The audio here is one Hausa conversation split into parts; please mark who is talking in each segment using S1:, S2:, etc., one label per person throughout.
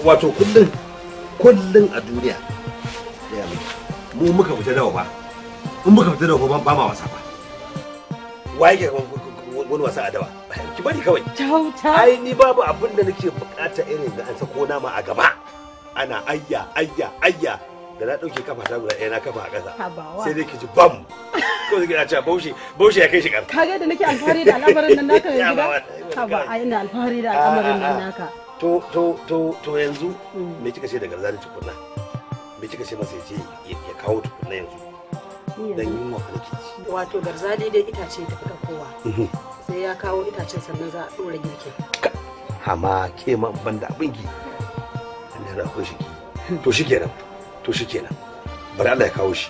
S1: wato kullum kullum a duniya ya mu mu muka fita da ba in muka fita da ba ma wasa ba waye ke wani wasa a dawa ki bari kawai tauta ai ni babu abin da nake bukata irin da an sako nama a gaba ana ayya ayya ayya da na dauke kafa ta guda ɗaya na kafa a ƙasa sai dai ki ji bam ko zai ce baushe baushe ya kai shi ƙarfi kaga
S2: da nake alfahari da al'amarin nan naka yanzu ba ba ina alfahari da ah, al'amarin nan ah, ah. naka
S1: to to to yanzu me kika ce daga zarin tukunna me kika ce masa yace ya kawo tukunna yanzu dan yin wa nake
S2: wato garzali dai itace ta fita kowa mhm. sai ya kawo itacen sannan za a dora girki
S1: amma ke ma ban da abin ki da shi to shi kenan to shi kenan bari Allah ya kawo shi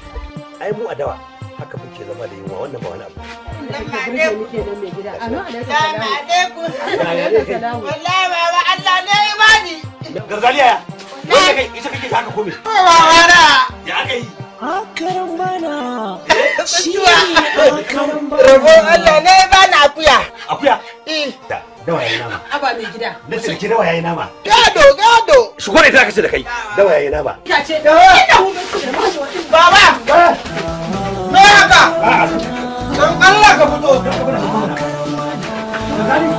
S1: ai mu adawa haka muke zama da yunwa wannan ba wani abu Assalamu alaikum.
S3: Assalamu alaikum.
S2: Allah ne ya bani.
S1: Garzaliya ya. Wanda kai ita kake haka kome. Ba
S2: d'a Ya aka yi.
S4: Akaran bana. Eh? Shi akaran bana. Rabo
S1: Allah ne
S2: ya bani akuya. Akuya? Eh. Dawa yayi nama. Aba mai gida. Na
S1: sirki dawa yayi nama. Gado gado. Shigo da ita kace da kai. Dawa yayi nama.
S3: ka ce. d'a Baba. Me haka? Don Allah ka fito. Gazali.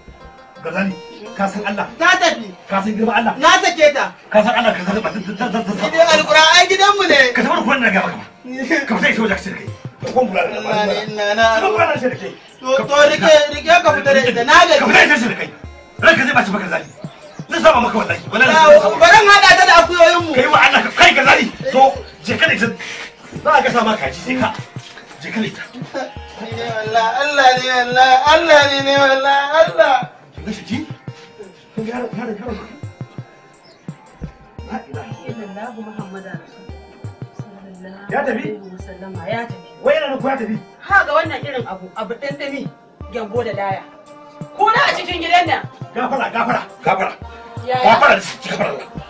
S1: Gazali, ka san Allah. Ta tafi. Ka san girma
S3: Allah. Na sake ta. Ka san Allah ka san Gidan Alƙur'an ai gidanmu
S1: ne. Ka tafi da kuwan gaba gaba. Ka fita ita wajen ka ce da kai. Da kuwan bula da kuwan
S4: bula. Na na.
S1: ce da kai. To rike rike ka fita da na gaji. Ka fita ita ce da ka Ranka zai baci baka Gazali. Zai saba maka wallahi. Wallahi. Baran hada ta da akuyoyin mu. Kai wa Allah kai Gazali. To je da ita. Za a gasa ma kaji sai ka. Je ka ita. Allah Allah ne Allah
S3: Allah ne Allah Allah. Gashi
S4: Ya tafi?
S2: Sallama ya tafi. Wai yana ku ya tafi? Ha ga wannan irin abu abu dan dami gyambo da daya Ko na a cikin gidan nan?
S1: Gafara gafara gafara. Gafara gafara.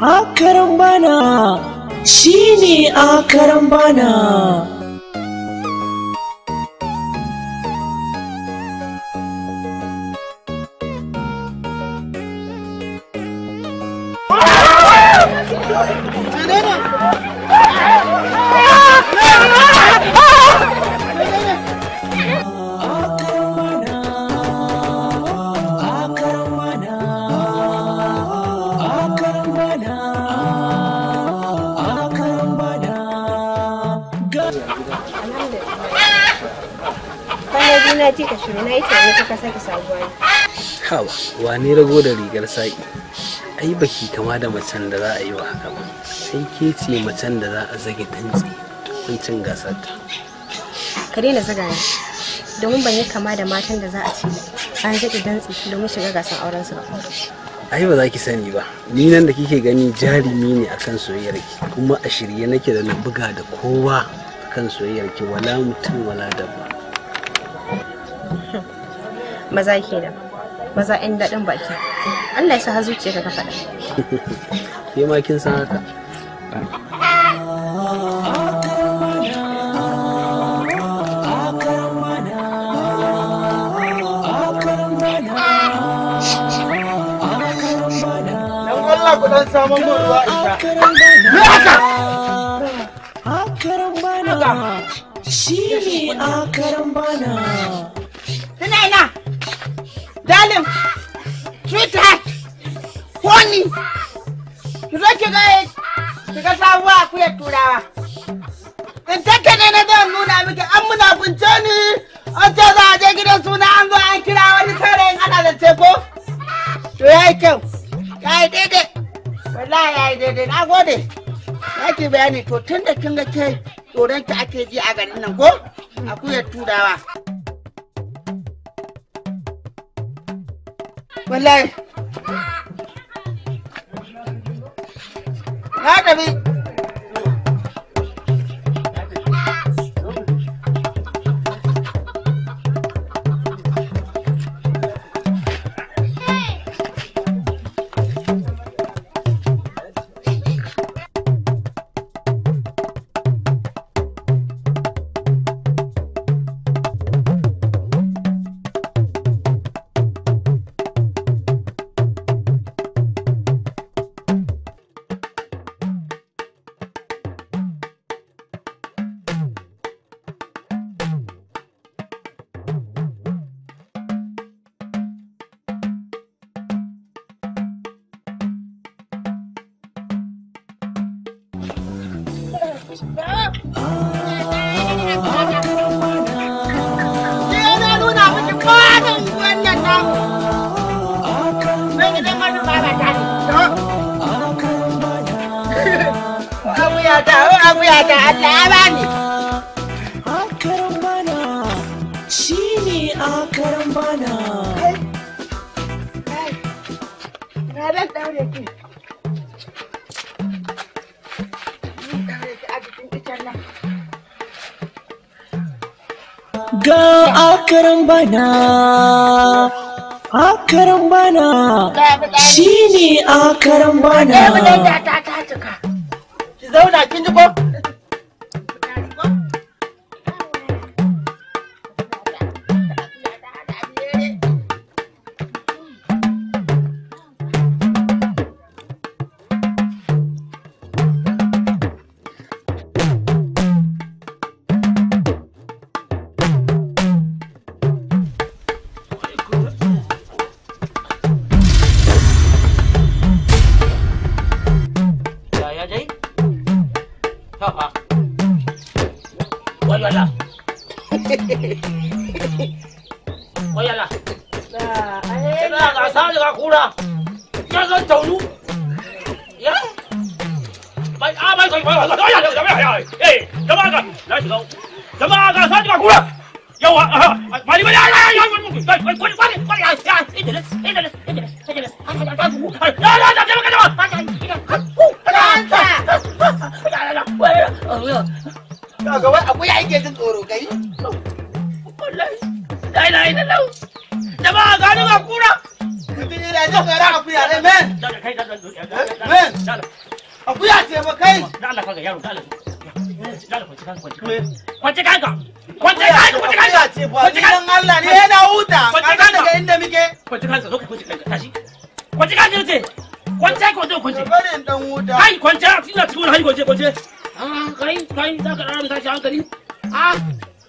S4: akaran bana shi ne akaran bana
S1: Hawa, wane rago da rigar saƙi? Ai baki kama da macen da za a yi wa haka ba. Sai ke ce macen da za a zage dantse wancan gasar ta.
S2: Ka daina zaga ne, Domin ban yi kama da matan da za a ce an zage dantsi domin shiga gasar auren su ba.
S1: ai ba za ki sani ba ni nan da kike gani jarumi ne akan soyayyar ki kuma a shirye nake da na buga da kowa akan soyayyar ki wala mutum wala dabba
S2: maza kenan maza yan daɗin baki Allah ya sa har zuciya ka faɗa
S1: ke ma kin san haka
S4: Allah
S3: ku
S2: Akaran bana. Shi ne akaran bana. Tuna ina.
S3: malam sweetheart honey ki zo ki ga ki ga sabuwa akuyar turawa in take na zan nuna miki an munafunce ni an ce za je gidan suna an zo an kira wani saurayin ana zance ko to ya yi kyau ya yi daidai wallahi ya yi daidai na gode ya ke bayani to tun da kin ga ke tsoron ake ji a garin nan ko akuyar turawa wallahi na tafi
S4: Ina daure ki. Ga akaran bana. akaran bana shi ne akaran bana.
S2: Ɗaya ta ta cika.
S3: Ki zauna kin ji ko?
S2: wayala yana ga sali kura taunu ilaha illallah jama'a ga ni ga kwanci
S4: kwanci kwanci kwanci kwanci kwanci
S2: kwanci kwanci kwanci ah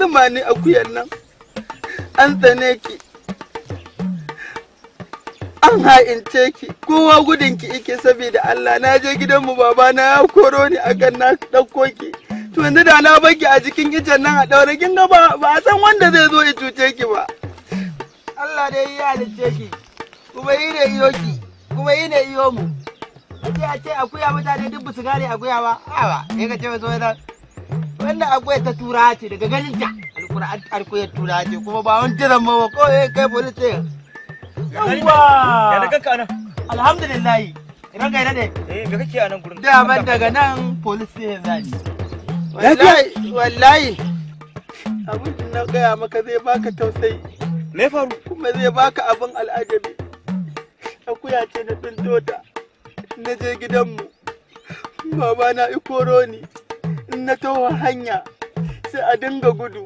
S3: tsima a kuyan nan an tsane ki an ha'ince ki kowa gudun ki ike saboda Allah na je gidanmu baba na ya koro ni akan na dauko ki to yanzu da na baki a cikin kicin nan a daura kin ga ba a san wanda zai zo ya cuce ki ba Allah dai ya halice ki
S4: kuma yi ne iyo ki
S3: kuma yi ne iyo mu a ce a ce akuya mutane duk su gane akuya ba a ba ne ka ce ba so wannan akwai ta tura ce daga ganin ta alkur'an ya tura ce kuma ba wani jiran ba ko eh kai boli ce
S2: yawa ya daga
S3: ka nan alhamdulillah ran gaina ne eh me kake a nan gurin da ban daga nan police ya zani
S4: wallahi
S3: wallahi abin da na gaya maka zai baka tausayi me faru kuma zai baka abin al'ajabi akuya ce na tsinto ta na je gidanmu baba na ikoro ni in na towa hanya sai a dinga gudu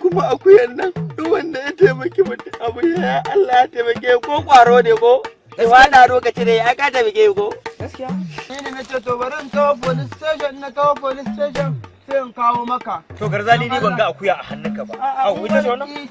S3: kuma akuyan nan duk wanda ya taimaki mutum abu ya Allah ya taimake ko kwaro ne ko wana lokaci ne ya ka bige ko gaskiya ni ne na ce to bari in police station na kawo police station sai in kawo maka
S1: to garzali ni ban ga akuya a hannunka ba a wuce
S3: wannan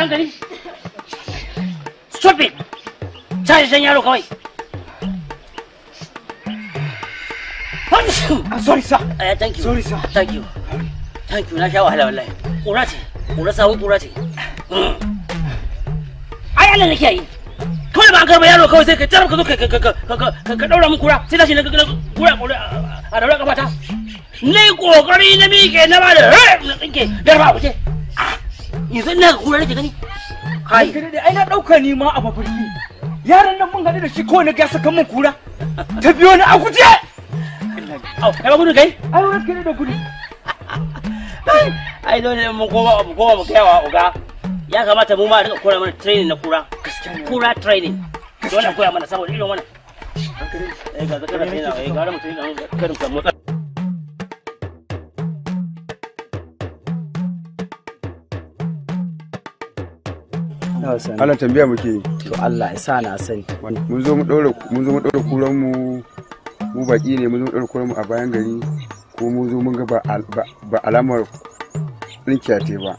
S2: da hankali stop it ta san yaro kawai ah, sorry sir. Uh, thank you. Sorry sir. Thank you. Thank you. Na sha wahala wallahi. Kura ce. Kura sawu kura ce. Ai Allah nake yi. Kawai ba an karba yaro kawai sai ka tarar ka zo ka ka ka ka daura min kura sai tashi na kura kura a daura ka ta. Ni kokari na mike na ba da na tsinke ba ku ce. yanzu ina kura nake gani kai kai dai ai na dauka ni ma a babirni yaran nan mun hadu da shi kowane ga saka mun kura ta biyo ni a guje au kai ba gudu kai ai wani kai da gudu ai dole mun koma mu koma mu kaiwa uga ya kamata mu ma a kura mana training na kura kura training dole koya mana saboda irin wannan ai eh, ga zakara na ai eh, ga mutum yana karin motsa
S4: ana tambaya
S5: muke to Allah ya sa na sani mun zo mu daura mun zo mu daura kuran mu mu baki ne mun zo mu daura kuran mu a bayan gari ko mun zo mun ga ba alamar rinkiya te ba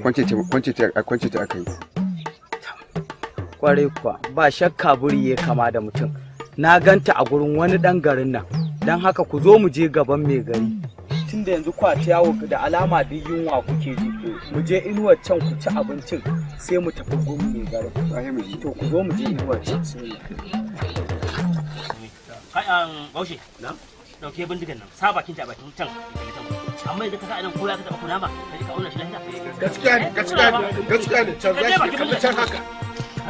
S5: kwance te kwance te akai
S3: kwarai kwa ba shakka buri ya kama da mutum na ganta a gurin wani dan garin nan don haka ku zo mu je gaban mai gari tunda yanzu kwa yawo da alama duk yunwa kuke ji mu je inuwar can ku ci abincin sai mu tafi gomu gun
S5: mai gara to ku zo mu je sai ya
S2: kai an um, bauchi na dauke bindigan nan sa bakin ta bakin can amma idan ka sa idan koya ka taba kuna ma ka ka wannan shi lafiya gaskiya ne gaskiya ne gaskiya ne can zaki kalla can haka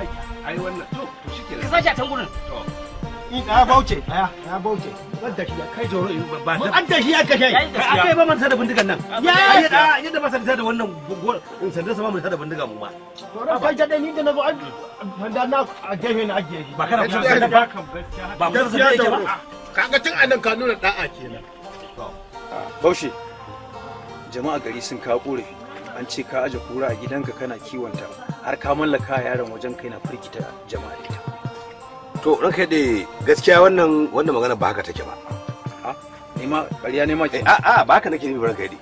S1: ai ai wannan to shikenan ka sa shi a can gurin ya bauce ya ya bauce ban da shiya kai joro ba ta an da shiya ka kai ba man sa ba bindigan nan ya ya da yadda ba ba da wannan in sanda sa ba mun sa ba bindiga mu ma kai da ni da na zo an da na a gefe na ajiye ba
S3: kana ba ba
S5: kan ba ba ba da ba tun anan ka nuna da'a kenan ba jama'a gari sun kawo korafi an ce ka aje kura a gidanka kana kiwonta har ka mallaka yaron wajen kai na firgita jama'a ita
S1: to ranka da gaskiya wannan wannan magana ba haka take ba nema ƙarya nema ce eh, a a ba haka nake nufi ranka da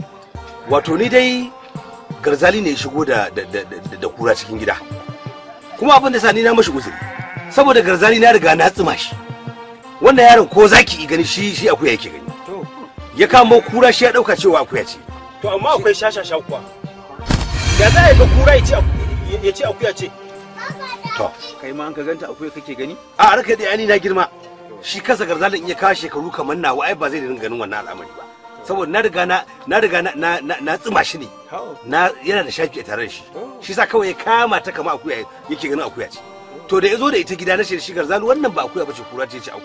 S1: wato ni dai garzali ne shigo da da kura cikin gida kuma abin da sa ni na mashi uzuri saboda garzali na riga na tsima shi wannan yaron ko zaki gani shi shi akuya yake gani ya kama kura shi ya dauka cewa akuya ce to amma akwai shashasha kuwa da za a ga kura ya ce akuya ce to
S5: kai ma an ka ganta akwai kake gani
S1: a dai ani na girma shi kansa garzalin in ya kawo shekaru kamar nawa ai ba zai dinga ganin wannan al'amari ba saboda na riga na na riga na na shi ne na yana da shafi a tare da shi shi sa kawai ya kama ta kama akuya yake ganin akuya ce to da ya zo da ita gida na shi shi wannan ba akuya ba kura ce ce a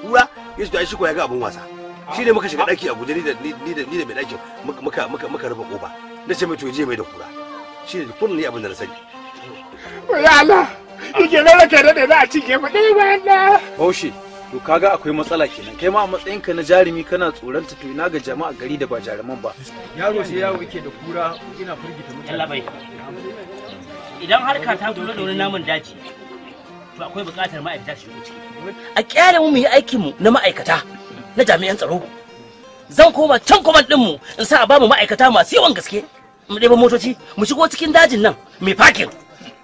S1: ya ce ai shi ko ya ga wasa shi ne muka shiga daki a guje ni da ni da ni da mai muka muka muka rufe kofa na ce mai to je mai da kura shi ne kullun ne abin da na sani ya Allah yake rara ka da za a cinye mu ɗaya bayan na.
S5: Baushi, to kaga akwai matsala kenan kai ma a matsayinka na jarumi kana tsoron ta tuna ga jama'a gari da ba jaruman ba. Yaro sai yawo
S2: yake da kura ina firgita mutane. Yalla bai. Idan ka ta dole da wani namun daji to akwai buƙatar ma'aikata su shigo ciki. A kyale mu yi aikinmu na ma'aikata na jami'an tsaro. Zan koma can kwaman ɗinmu in sa a bamu ma'aikata masu yawan gaske. Mu ɗeba motoci mu shigo cikin dajin nan mai fakin.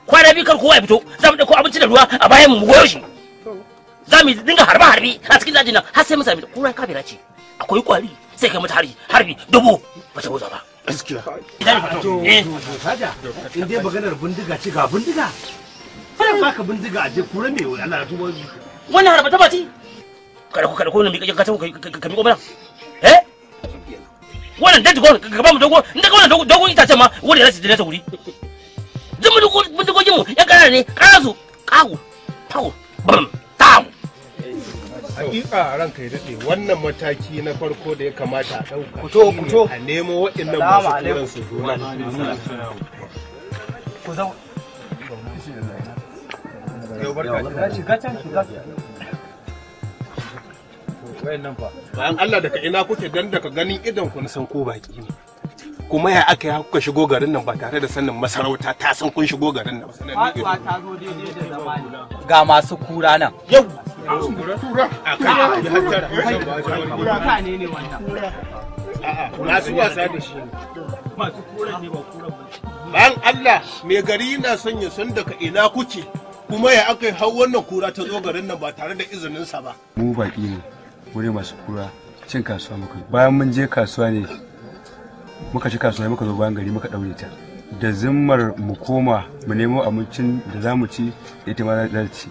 S2: kwana biyu kar kowa ya fito za mu ɗauko abinci da ruwa a bayan mu goyo shi za mu dinga harba harbi a cikin dajin nan har sai mu sami kura kafira ce akwai kwari sai kai mata harbi harbi dubu
S5: ba ta wuza ba gaskiya idan ka to
S2: saja
S1: eh. in dai maganar bindiga ce ga bindiga sai ka ka bindiga a je kura me wai Allah ya tuba wannan harba ta baci kada ku kada ku
S2: ne mi ka tawo ka mi ko bana eh wannan dajigon ka ba mu dogo in daga wannan dogo itacen ma wani ya da ta wuri duk bindigogin yan ne
S1: bam hakika daɗe wannan mataki na farko da ya kamata a ɗauka kuto kuto a nemo masu turan su zuwa
S4: ku
S1: Bayan Allah daga ina kuke dan daga ganin idan ku na san ko baki ne. kuma ya aka yi kuka shigo garin nan ba tare da sanin masarauta ta san kun shigo garin nan faduwa
S5: ta zo
S3: daidai da zamani
S1: ga masu kura nan
S3: yau kura a kan ya kura ka ne ne wannan masu wasa da
S1: shi masu kura ne ba kura ba ban Allah mai gari yana son ya san daga ina kuke kuma ya aka yi hau wannan kura ta zo garin nan ba tare da izinin sa ba
S5: mu baki ne wuri masu kura cin kasuwa muka bayan mun je kasuwa ne muka ci kasuwa muka zo bayan gari muka daure ta da zimmar mu koma mu nemo amincin da za mu ci ita ma za ci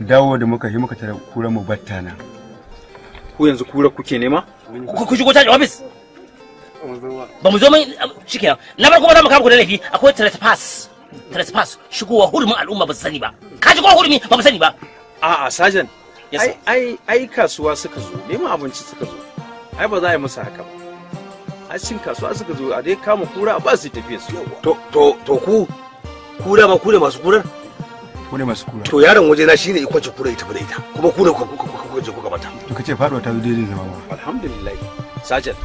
S5: dawo da muka yi muka tara kura mu batta na ko yanzu kura kuke nema ku shigo ta office ba mu zo mun
S2: shike na farko za mu kama ku da laifi akwai trespass trespass shigowa hurumin al'umma ba su sani
S5: ba ka shigo hurumi ba mu sani ba a'a sajan ai ai kasuwa suka zo neman abinci suka zo ai ba za a yi musu haka ba har sun kasuwa suka zo a dai kama kura ba su tafiya su to to ku kura ba kura masu kurar
S1: kura masu kura to yaron waje na shine ikon ci kura ita da ita kuma ku ne ku ku ku ku mata to kace faduwa ta zo daidai zama ma
S5: alhamdulillah sajad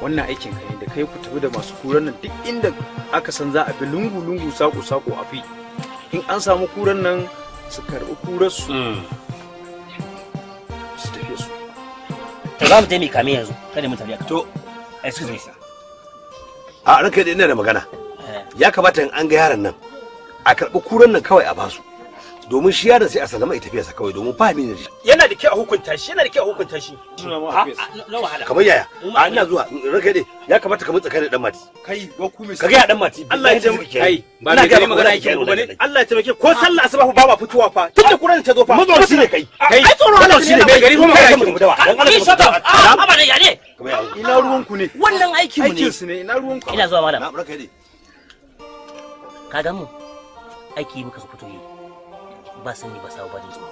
S5: wannan aikin ka da kai ku tafi da masu kuran nan duk inda aka san za a bi lungu lungu sako sako a fi in an samu kuran nan su karbi kurar mm. su su tafiye su
S1: to za mu taimaka mai yanzu kada mu tafi to excuse me sir a ranka da magana eh. ya kamata in an ga yaron nan a karɓi kuran nan kawai a basu domin shi yaron sai a kawai domin ba yana da kyau a hukunta shi yana da kyau a hukunta shi kamar yaya a ina zuwa ranka ya kamata ka mutsa da dan mati kai wa ku ka ga dan mati Allah ya taimake kai ba na ga magana yake ba ne Allah ya taimake ko sallah asuba ba ba fituwa fa tun da kuran ta zo fa mazo shi ne kai kai ai tsoro ne mai gari ko dan Allah ah, ya shaka a
S5: ba
S1: ina ruwan ku ne
S2: wannan aikin mu ne aikin
S5: su ne ina ruwan ku
S2: ina zuwa malam na barka dai ka ga mu aiki muka fito yi ba sani ba sawo ba jin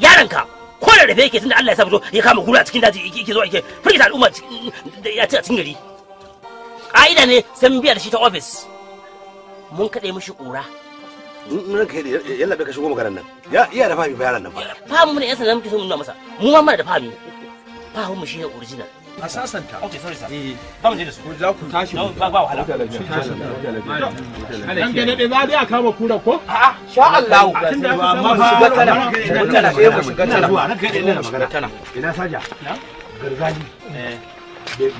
S2: yaran ka ko da rafe yake tunda Allah ya sa fito ya kama gura cikin daji yake zo yake firgita al'umma ya ci a cikin gari ka'ida ne san biya da shi ta office mun kaɗe mishi ƙura
S1: kai yalla bai ka shigo nan ya iya da fami bayanan nan ba famu ne yan sanan muke so mu masa
S2: mu ma muna da fami fahun mu shine original a sasanta okay sorry sir za eh. mu je da su za ku tashi ba ba wahala
S5: za a kama kura ko a'a sha Allah ma mu shiga tana tana sai mu shiga
S2: tana zuwa ranka dai ina magana
S1: tana ina saja gargaji eh.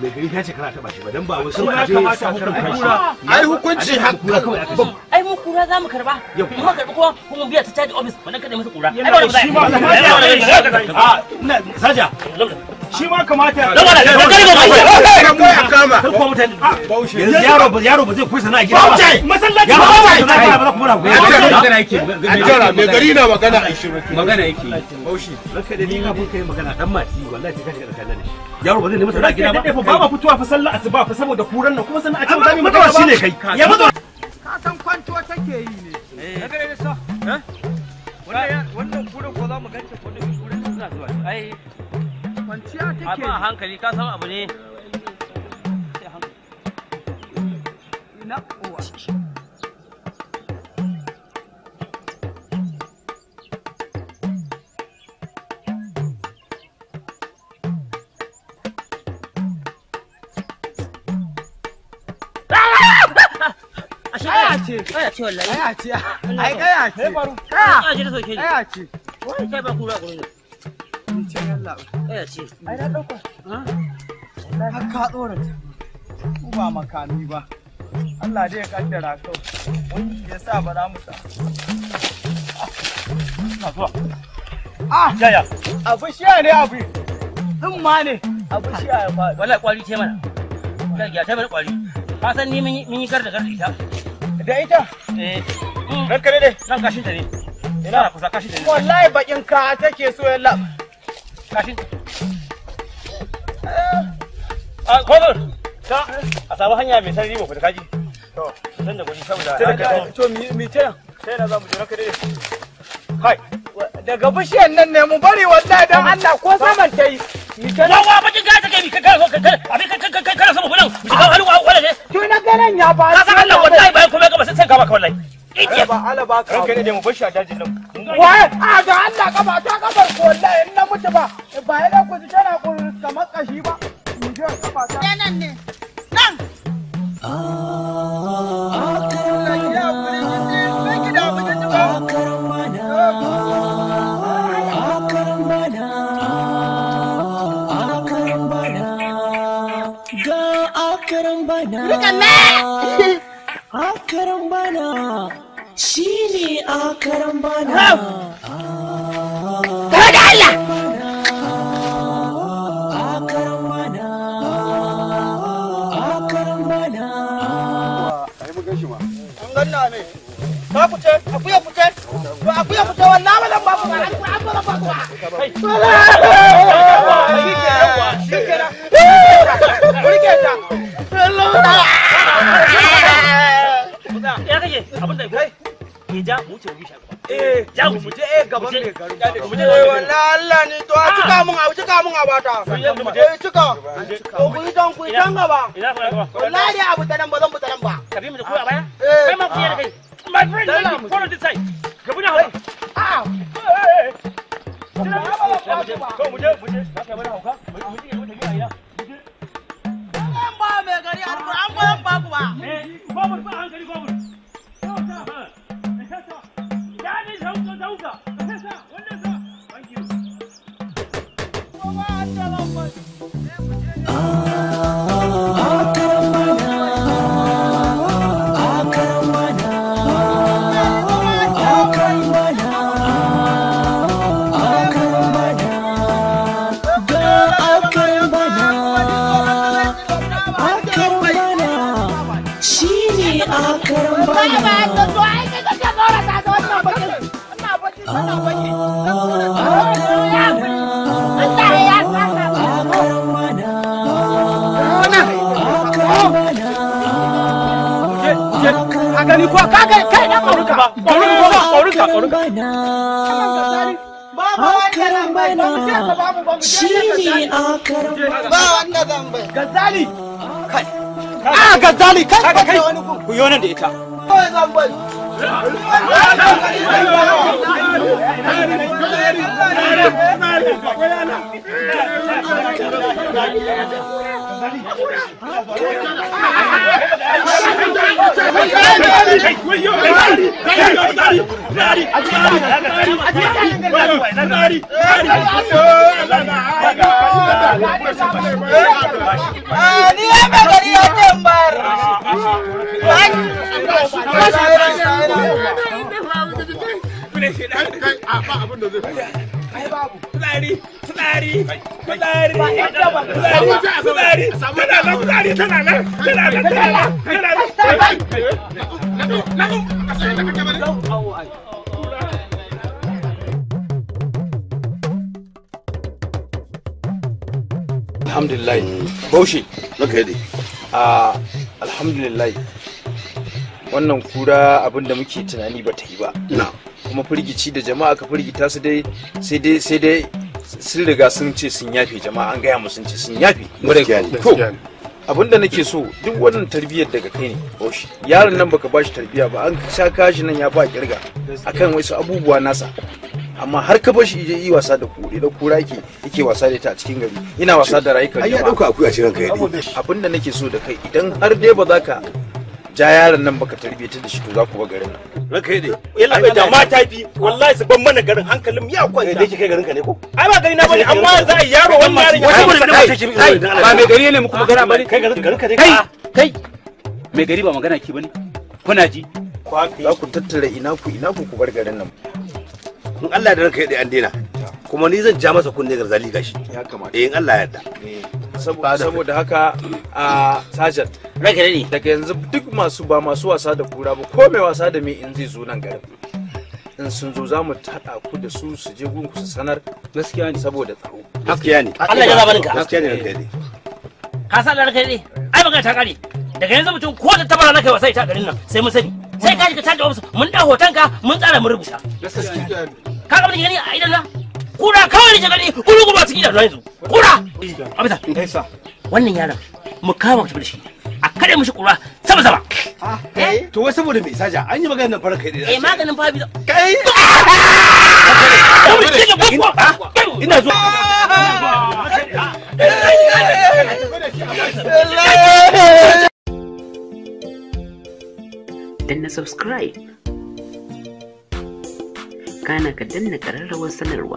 S1: bai gari ta ce kana taba shi ba dan ba wasu ka je
S4: kamata hukunta
S2: shi ai hukunci hakura ai mu kura za mu karba kuma karbi kuma kuma biya ta office kada masa kura ai
S1: ba saja shi ma kamata ya da ba kama kar ko mutane yanzu yaro ba yaro ba zai kusa na gida ba masallaci ba ba ba kuma magana yake me gari na magana magana yake baushi da ni kai magana dan mati wallahi ka shi yaro ba zai nemi sana gida ba ba ba fitowa fa sallah asuba fa saboda kuran nan kuma sannan a ce mu mutuwa shine kai ya mutuwa
S2: ka san kwanto take yi ne na gare ni sa eh? wannan kuran ko za mu kuran za ai kwanciya take hankali ka san abu ne wallahi ai wai kai ba kura gurin can yalla eh ce ai na dauka
S3: har ka dora ta ba makami ba Allah dai ya kaddara wani ya sa ba za mu na
S2: zuwa ah abu ne abu din ma ne abu ya wallahi kwari ce mana ya kwari ka san ni mun yi ita da ita eh ranka ne dai kashin ta ne ina kusa kashin ta ne wallahi bakin ka take so yalla Kashin. Ah, Kofin, ta, a samu hanya
S1: mai sarari mafi kaji. To, san da guji saboda za ka
S3: To, mi
S2: ta yan? Ta yana za mu jira ka
S3: dai. Kai. Daga bishiyar nan ko ta ta
S2: na ta
S3: akuya fita to akuya wallahi ba da a cika mun a
S2: ta nan ba zan dalam
S3: hakarin bana hakarin bana shi ne hakarin bana ba gazali kai a ah, gazali kai kai kai ku yi da ita
S4: Thank you. Kai,
S3: a ba abin da Fulari, fulari,
S4: fulari,
S5: Alhamdulillah, Bauchi. yadda. Ah, alhamdulillah, wannan kura abinda muke tunani ba ta yi ba. kuma firgici da jama'a ka firgita su dai sai dai sai dai sun riga sun ce sun yafe jama'a an gaya mu sun ce sun yafe ko abin da nake so duk wannan tarbiyyar daga kai ne yaron nan baka bashi tarbiya ba an sha kashi nan ya ba kirga akan wasu abubuwa nasa amma har ka bashi je yi wasa da kure da kura yake yake wasa da ita a cikin gari ina wasa da rayuka jama'a. dauka akuya shi kai yadi abin da nake so da kai idan har dai ba za ka ja yaron nan baka tarbiyyata da shi to za ku ba garin nan ranka yi ne yalla bai da mata
S1: bi wallahi su ban mana garin hankalin ya kwanta kai eh, dai kai garin ka ne ko ai ba garin na bane amma za a yaro wannan yaron ya wani da take bi ba mai gari ne mu kuma gara bane kai garin ka ne kai
S5: kai mai gari ba magana ki bane kuna ji za ku tattara ina ku ina ku ku bar garin
S1: nan in Allah da ranka yi dai an daina kuma ni zan ja masa kunne garzali gashi
S5: ya kamata eh in Allah ya yarda eh. saboda haka a sajan daga yanzu duk masu ba masu wasa da kura ba ko mai wasa da me in zai zo nan garin in sun zo za mu taɗa ku da su su je gunku su sanar gaskiya ne saboda tsaro gaskiya ne Allah ya zaba ninka gaskiya ne ranka ne
S2: ka san kai ne ai magana ta kare daga yanzu mutum ko da tabara na kai wasa ita garin nan sai mun sani sai ka ji ka tada musu mun da hoton ka mun tsara mun rubuta gaskiya ne ka ga mun gani a idan na kura kawai nake gani kuru kuma a cikin idanu yanzu kura abisa gaisa wannan yaron mu kama mu tafi da shi a kare mushi kura
S1: sama sama
S4: ah, eh?
S1: eh? to wai saboda me saja an yi maganin fara kai da eh maganin fara bi kai ah! ina zo ah!
S2: danna subscribe
S4: kana ka danna kararrawar sanarwa